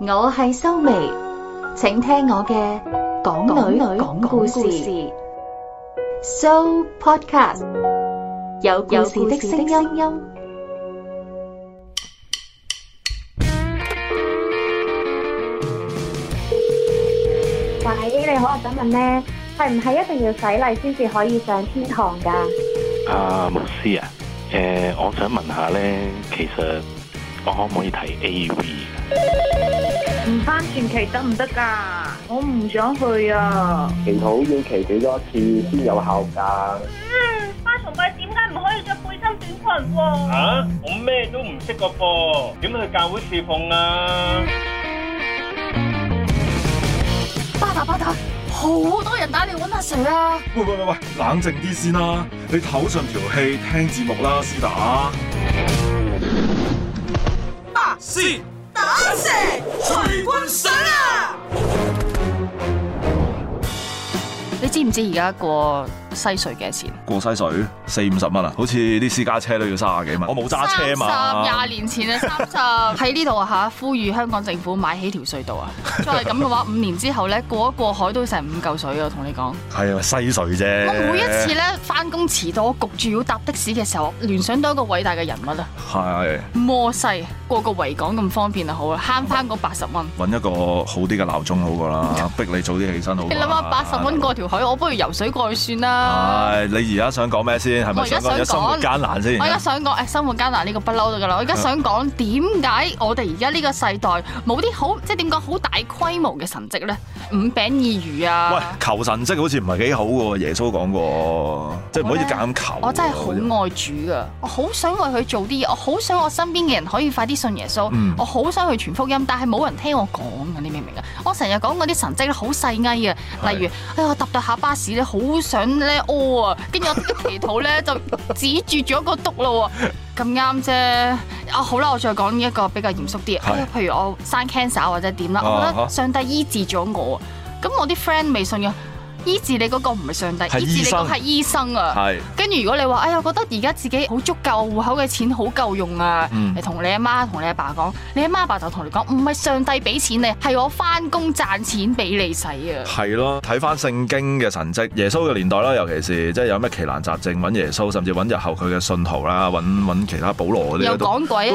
我係修眉，請聽我嘅講女女講故事。So podcast 有故事的聲音。喂，你好，我想問咧，係唔係一定要洗禮先至可以上天堂噶？啊，牧師啊，誒，我想問下咧，其實我可唔可以睇 AV？唔翻前期得唔得噶？我唔想去啊！祈禱要祈禱幾多次先有效噶？嗯，翻崇拜點解唔可以着背心短裙喎？啊，我咩都唔識個噃，點去教會侍奉啊？巴打巴打，好，好多人打嚟揾阿誰啊？喂喂喂喂，冷靜啲先啦，你唞順條氣，聽節目啦，先打。巴 C。阿蛇，徐君想啊！你知唔知而家過西隧幾多錢？過西隧四五十蚊啊，好似啲私家車都要三十幾蚊。我冇揸車嘛，廿年前啊，三十喺呢度啊，吓呼籲香港政府買起條隧道啊！ 再係咁嘅話，五年之後咧過一過海都成五嚿水啊！同你講係啊，西隧啫。我每一次咧翻工遲到，焗住要搭的士嘅時候，聯想到一個偉大嘅人物啊！係摩西過個維港咁方便啊，好啊，慳翻個八十蚊。搵一個好啲嘅鬧鐘好過啦，逼你早啲起身好。 你諗下八十蚊過條海，吧我不如游水過去算啦。唉、哎，你而家想講咩先？係咪想講生活艱難先？我而家想講，誒、哎，生活艱難呢個不嬲咗㗎啦！我而家想講點解我哋而家呢個世代冇啲好，即係點講好大規模嘅神跡咧？五餅二魚啊！喂，求神跡好似唔係幾好喎，耶穌講過，呢即係唔可以揀求我。我真係好愛主㗎，我好想為佢做啲嘢，我好想我身邊嘅人可以快啲信耶穌，嗯、我好想去傳福音，但係冇人聽我講㗎，你明唔明啊？我成日講嗰啲神跡咧，好細啊。例如，是哎我搭到下巴士咧，好想屙啊！跟住我啲祈禱咧，就止住咗個篤咯喎，咁啱啫！啊好啦，我再講一個比較嚴肅啲嘅，譬如我生 cancer 或者點啦，我覺得上帝醫治咗我，咁我啲 friend 未信嘅。醫治你嗰個唔係上帝，醫，醫治你嗰係醫生啊！是跟住如果你話，哎呀，覺得而家自己好足夠，戶口嘅錢好夠用啊！同、嗯、你阿媽、媽、同你阿爸講，你阿媽阿爸就同你講，唔係上帝俾錢你，係我翻工賺錢俾你使啊！係咯，睇翻聖經嘅神跡，耶穌嘅年代啦，尤其是即係有咩奇難雜症揾耶穌，甚至揾日後佢嘅信徒啦，揾揾其他保羅嗰啲、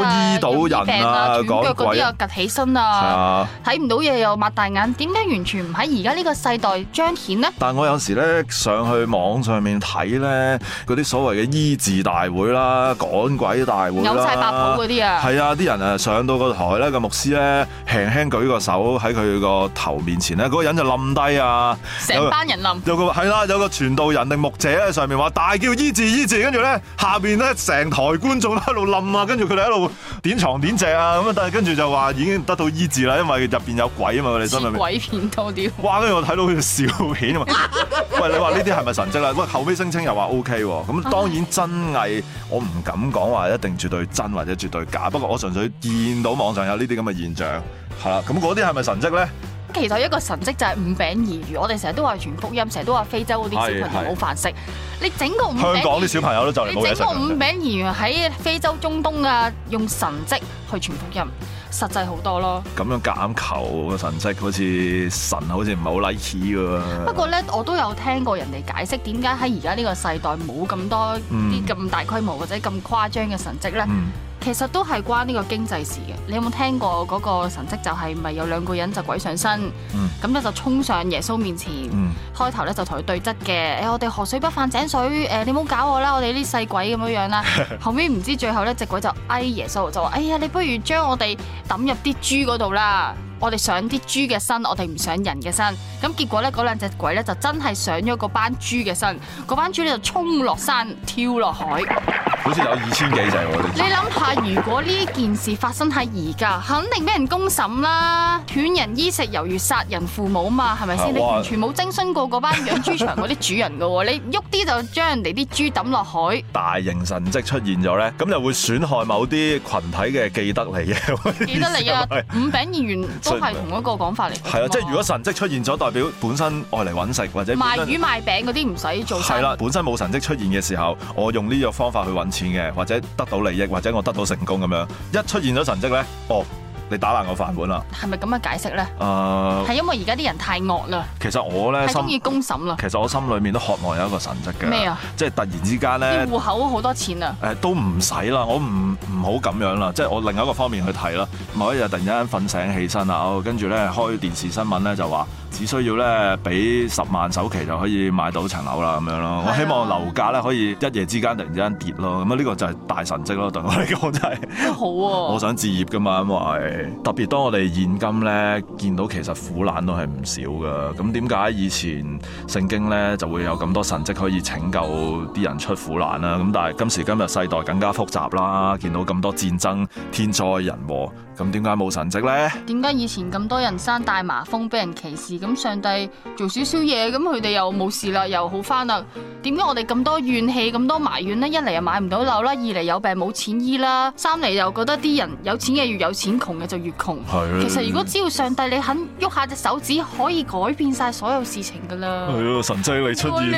啊、都醫到人啊，醫病啊，瘸嗰啲又趷起身啊，睇唔、啊啊、到嘢又擘大眼，點解完全唔喺而家呢個世代彰顯呢？但我有時咧上去網上面睇咧，嗰啲所謂嘅醫治大會啦、趕鬼大會啦，有曬白袍嗰啲啊。係啊，啲人啊上到個台咧，個牧師咧輕輕舉個手喺佢個頭面前咧，嗰、嗰個人就冧低啊，成班人冧。有個係啦個、嗯，有個傳道人定牧者咧上面話大叫醫治醫治，跟住咧下邊咧成台觀眾都喺度冧啊，跟住佢哋一路點床點席啊咁，但係跟住就話已經得到醫治啦，因為入邊有鬼啊嘛，佢哋心入面鬼片多啲。哇！跟住我睇到佢似笑片 喂，你話呢啲係咪神蹟啦？喂，後尾聲稱又話 OK 喎，咁當然真偽我唔敢講話一定絕對真或者絕對假，不過我純粹見到網上有呢啲咁嘅現象，係啦，咁嗰啲係咪神蹟咧？其實一個神蹟就係五餅二魚，我哋成日都話傳福音，成日都話非洲嗰啲小朋友冇飯食，你整個五餅。香港啲小朋友都就嚟冇得食。你整個五餅二魚喺非洲、中東啊，用神蹟去傳福音，實際好多咯。咁樣隔硬求個神蹟，好似神好似唔係好 nice 嘅喎。不過咧，我都有聽過人哋解釋點解喺而家呢個世代冇咁多啲咁大規模或者咁誇張嘅神蹟咧。其實都係關呢個經濟事嘅。你有冇聽過嗰個神蹟？就係咪有兩個人就鬼上身，咁咧、嗯、就衝上耶穌面前，嗯、開頭咧就同佢對質嘅。誒、欸，我哋河水不犯井水，誒、欸，你唔好搞我啦，我哋呢啲細鬼咁樣樣啦。後邊唔知最後咧，隻鬼就哀耶穌，就話：哎呀，你不如將我哋抌入啲豬嗰度啦。我哋上啲豬嘅身，我哋唔上人嘅身。咁結果咧，嗰兩隻鬼咧就真係上咗嗰班豬嘅身。嗰班豬咧就衝落山，跳落海。好似有二千幾隻喎！你諗下，如果呢件事發生喺而家，肯定俾人公審啦。斷人衣食猶如殺人父母嘛，係咪先？你完全冇徵詢過嗰班養豬場嗰啲主人噶喎，你喐啲就將人哋啲豬抌落海。大型神跡出現咗咧，咁就會損害某啲羣體嘅記得嚟嘅。記得嚟啊！五餅二魚。都係同一個講法嚟，係啊的！即係如果神跡出現咗，代表本身愛嚟揾食或者賣魚賣餅嗰啲唔使做。係啦，本身冇神跡出現嘅時候，我用呢個方法去揾錢嘅，或者得到利益，或者我得到成功咁樣。一出現咗神跡呢。哦。你打爛我飯碗啦，係咪咁樣解釋咧？誒，係因為而家啲人太惡啦。其實我咧，太中心意公審啦。其實我心裏面都渴望有一個神蹟嘅。咩啊麼？即係突然之間咧，啲戶口好多錢啊！誒，都唔使啦，我唔唔好咁樣啦。即係我另一個方面去睇啦。某一日突然間瞓醒起身啦，哦，跟住咧開電視新聞咧就話。只需要咧俾十萬首期就可以買到層樓啦，咁樣咯，是啊、我希望樓價咧可以一夜之間突然之間跌咯，咁啊呢個就係大神蹟咯，對我嚟講真係好喎、啊！我想置業㗎嘛，因為特別當我哋現今咧見到其實苦難都係唔少㗎，咁點解以前聖經咧就會有咁多神蹟可以拯救啲人出苦難啦？咁但係今時今日世代更加複雜啦，見到咁多戰爭、天災人禍，咁點解冇神蹟咧？點解以前咁多人生大麻風俾人歧視？咁上帝做少少嘢，咁佢哋又冇事啦，又好返啦。點解我哋咁多怨氣，咁多埋怨呢？一嚟又買唔到樓啦，二嚟有病冇錢醫啦，三嚟又覺得啲人有錢嘅越有錢，窮嘅就越窮。係咧、啊。其實如果只要上帝你肯喐下隻手指，可以改變晒所有事情噶啦。哎呀、啊，神蹟你出現啦！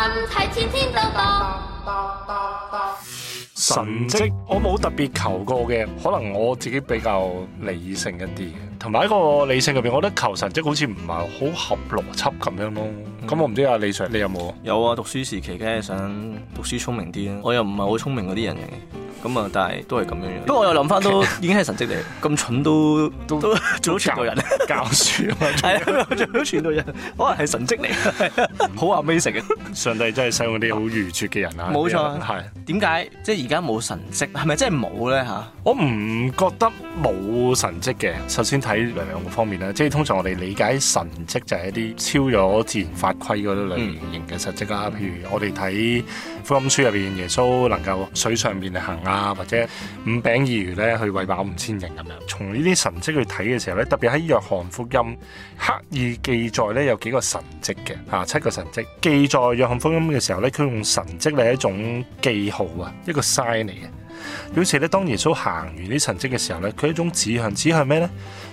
係千千多神蹟我冇特別求過嘅，可能我自己比較理性一啲，同埋一個理性入邊，我覺得求神蹟好似唔係好合邏輯咁樣咯。咁、嗯、我唔知阿、啊、李 Sir 你有冇？有啊，讀書時期梗係想讀書聰明啲啦，我又唔係好聰明嗰啲人嚟。咁啊，但係都係咁樣樣。不過我又諗翻都已經係神蹟嚟，咁蠢都都做到傳道人，教書啊，係啊，做到傳道人，可能係神蹟嚟，好 amazing 嘅。上帝真係使用啲好愚拙嘅人啊！冇錯，係點解即係而家冇神蹟？係咪真係冇咧嚇？我唔覺得冇神蹟嘅。首先睇兩個方面啦，即係通常我哋理解神蹟就係一啲超咗自然法規嗰啲類型嘅神蹟啊。譬如我哋睇《福音書》入邊，耶穌能夠水上邊行。啊，或者五餅二魚咧，去餵飽五千人咁樣，從呢啲神蹟去睇嘅時候咧，特別喺《約翰福音》刻意記載咧，有幾個神蹟嘅，吓、啊、七個神蹟。記載約翰福音嘅時候咧，佢用神蹟係一種記號啊，一個 sign 嚟嘅。表示咧，當耶穌行完啲神蹟嘅時候咧，佢一種指向指向咩咧？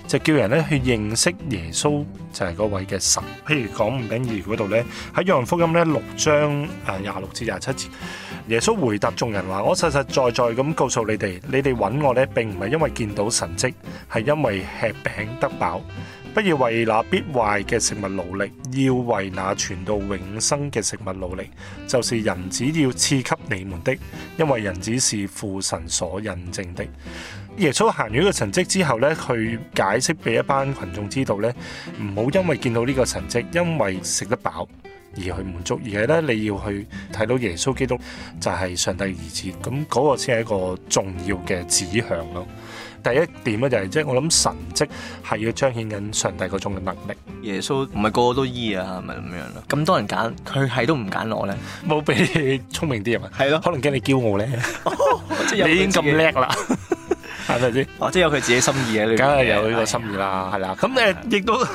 就叫人咧去認識耶穌就係嗰位嘅神。譬如講五餅二魚嗰度咧，喺約翰福音咧六章，誒廿六至廿七節，耶穌回答眾人話：我實實在在咁告訴你哋，你哋揾我咧，並唔係因為見到神蹟，係因為吃餅得飽。不要為那必壞嘅食物勞力，要為那存到永生嘅食物勞力。就是人子要賜給你們的，因為人子是父。神所印證的耶穌行完呢個神蹟之後呢，去解釋俾一班群眾知道呢，唔好因為見到呢個神蹟，因為食得飽而去滿足，而係呢，你要去睇到耶穌基督就係上帝兒子，咁嗰個先係一個重要嘅指向咯。第一點咧就係，即係我諗神蹟係要彰顯緊上帝嗰種嘅能力。耶穌唔係個個都醫啊，係咪咁樣啦？咁多人揀，佢係都唔揀我咧，冇俾你聰明啲啊？係咯，可能驚你驕傲咧。你已經咁叻啦，係咪先？哦，即係有佢自己心意啊！梗係有呢個心意啦，係啦。咁你，亦都。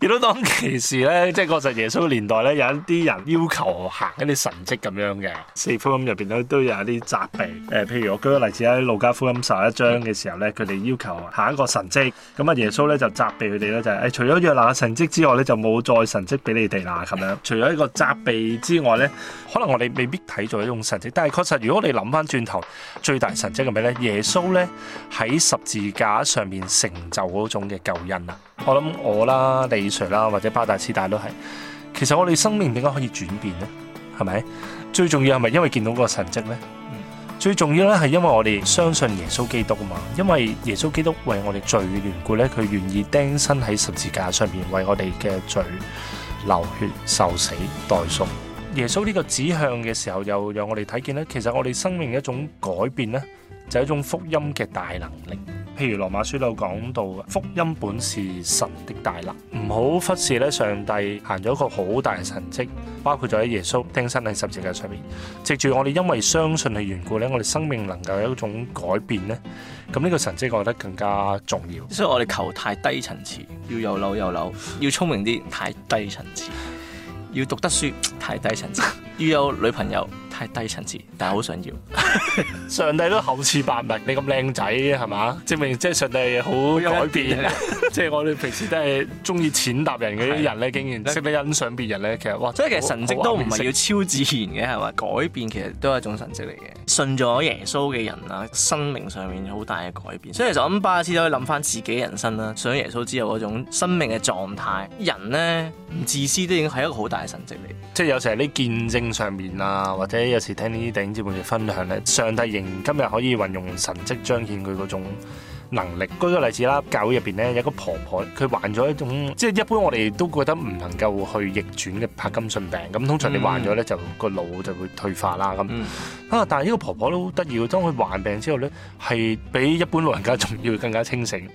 亦都當其時咧，即係確實耶穌年代咧，有一啲人要求行一啲神蹟咁樣嘅。四福音入邊都都有一啲責備。誒、呃，譬如我舉個例子喺路加福音十一章嘅時候咧，佢哋要求行一個神蹟，咁啊耶穌咧就責備佢哋咧，就係、是、誒、哎、除咗約拿神蹟之外咧，就冇再神蹟俾你哋啦咁樣。除咗一個責備之外咧， 可能我哋未必睇做一種神蹟，但係確實如果你諗翻轉頭，最大神蹟係咩咧？耶穌咧喺十字架上面成就嗰種嘅救恩啊！我諗我啦，以誰啦，或者八大四大都係，其實我哋生命點解可以轉變咧？係咪最重要係咪因為見到個神蹟咧？最重要咧係因為我哋相信耶穌基督啊嘛，因為耶穌基督為我哋罪嘅緣故咧，佢願意釘身喺十字架上面為我哋嘅罪流血受死代贖。耶穌呢個指向嘅時候，又讓我哋睇見咧，其實我哋生命嘅一種改變咧，就係一種福音嘅大能力。譬如羅馬書有講到，福音本是神的大能，唔好忽視咧，上帝行咗一個好大嘅神跡，包括咗喺耶穌釘身喺十字架上面。藉住，我哋因為相信嘅緣故咧，我哋生命能夠有一種改變咧。咁呢個神跡我覺得更加重要。所以我哋求太低層次，要有腦有腦，要聰明啲，太低層次，要讀得書，太低層次。 要有女朋友太低層次，但係好想要。 上帝都厚賜百物，你咁靚仔係嘛？證明即係上帝好改變。即係 我哋平時都係中意踐踏人嘅啲人咧，的竟然識得欣賞別人咧。其實哇，即係其實神跡都唔係要超自然嘅，係咪？改變其實都係一種神跡嚟嘅。信咗耶穌嘅人啊，生命上面好大嘅改變。所以其實我諗，巴斯都可以諗翻自己人生啦。信咗耶穌之後嗰種生命嘅狀態，人咧唔自私都已經係一個好大嘅神跡嚟。即係有時係你見證。上面啊，或者有時聽啲弟兄姊妹嘅分享咧，上帝仍然今日可以運用神蹟彰顯佢嗰種能力。舉、那個例子啦，教會入邊咧，有一個婆婆，佢患咗一種即係一般我哋都覺得唔能夠去逆轉嘅帕金遜病。咁通常你患咗咧、嗯、就個腦就會退化啦咁。啊！但係呢個婆婆都好得意嘅，當佢患病之後呢，係比一般老人家仲要更加清醒。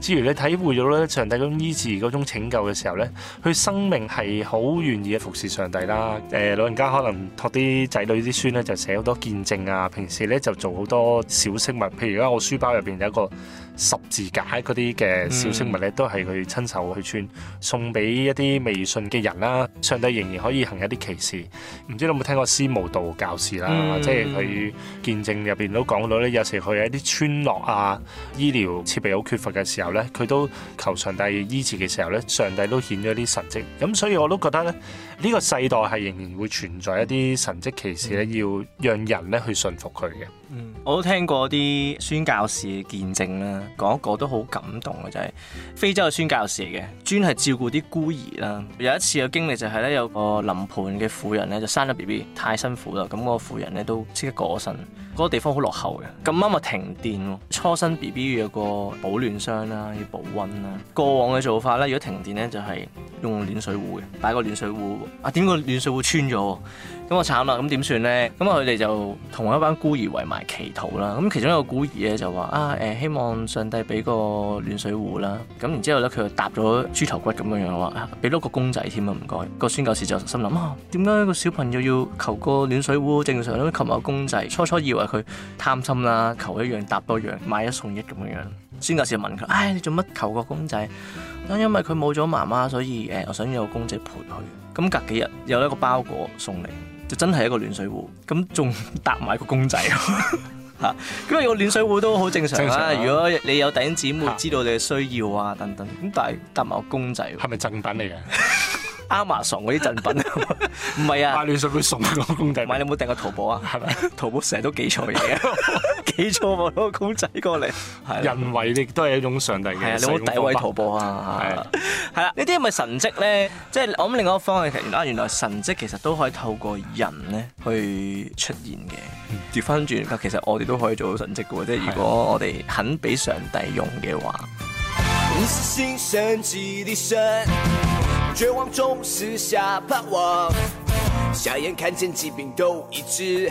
至於你體會咗咧，上帝嗰種醫治、嗰種拯救嘅時候呢，佢生命係好願意服侍上帝啦。誒、呃，老人家可能託啲仔女、啲孫呢，就寫好多見證啊。平時呢，就做好多小飾物，譬如而家我書包入邊有一個。十字架嗰啲嘅小飾物咧，嗯、都係佢親手去穿，送俾一啲未信嘅人啦。上帝仍然可以行一啲奇事。唔知你有冇聽過司無道教士啦？嗯、即係佢見證入邊都講到咧，有時去一啲村落啊，醫療設備好缺乏嘅時候咧，佢都求上帝醫治嘅時候咧，上帝都顯咗啲神跡。咁所以我都覺得咧，呢、這個世代係仍然會存在一啲神跡奇事咧，嗯、要讓人咧去順服佢嘅。嗯、我都聽過啲宣教士嘅見證啦，講一個都好感動嘅就係、是、非洲嘅宣教士嚟嘅，專係照顧啲孤兒啦。有一次嘅經歷就係咧，有個臨盆嘅婦人咧就生咗 B B，太辛苦啦，咁、那個婦人咧都即刻過身。嗰、那個地方好落後嘅，咁啱咪停電喎。初生 B B 要有個保暖箱啦，要保溫啦。過往嘅做法咧，如果停電咧就係、是、用暖水壺嘅，擺個暖水壺。啊，點個暖水壺穿咗？咁我慘啦！咁點算呢？咁啊，佢哋就同一班孤兒圍埋祈禱啦。咁其中一個孤兒咧就話：啊，誒、呃、希望上帝俾個暖水壺啦。咁然之後咧，佢就搭咗豬頭骨咁樣樣話：俾多、啊、個公仔添啊！唔該。個孫教士就心諗啊，點解個小朋友要求個暖水壺，正常都求下公仔。初初以為佢貪心啦，求一樣搭多樣，買一送一咁樣樣。孫教士就問佢：，唉、哎，你做乜求個公仔？因因為佢冇咗媽媽，所以誒、呃，我想要個公仔陪佢。咁隔幾日有一個包裹送嚟。就真係一個暖水壺，咁仲搭埋個公仔，嚇、 啊，因、那、為個暖水壺都好正常啦、啊。常啊、如果你有頂姊妹知道你嘅需要啊等等。咁但係搭埋個公仔、啊，係咪贈品嚟嘅？Amazon 嗰啲贈品，唔係 啊！買暖水壺送個公仔你，唔係你冇訂過淘寶啊？係咪？淘寶成日都記錯嘢。幾錯望到公仔過嚟，人為亦都係一種上帝嘅。係啊對，你冇低位徒步啊。係啊了，係啦， 呢啲係咪神蹟咧？即係我諗另外一個方向，其實原來神蹟其實都可以透過人咧去出現嘅。調翻轉，其實我哋都可以做到神蹟嘅喎。即係如果我哋肯俾上帝用嘅話。是啊，嗯，是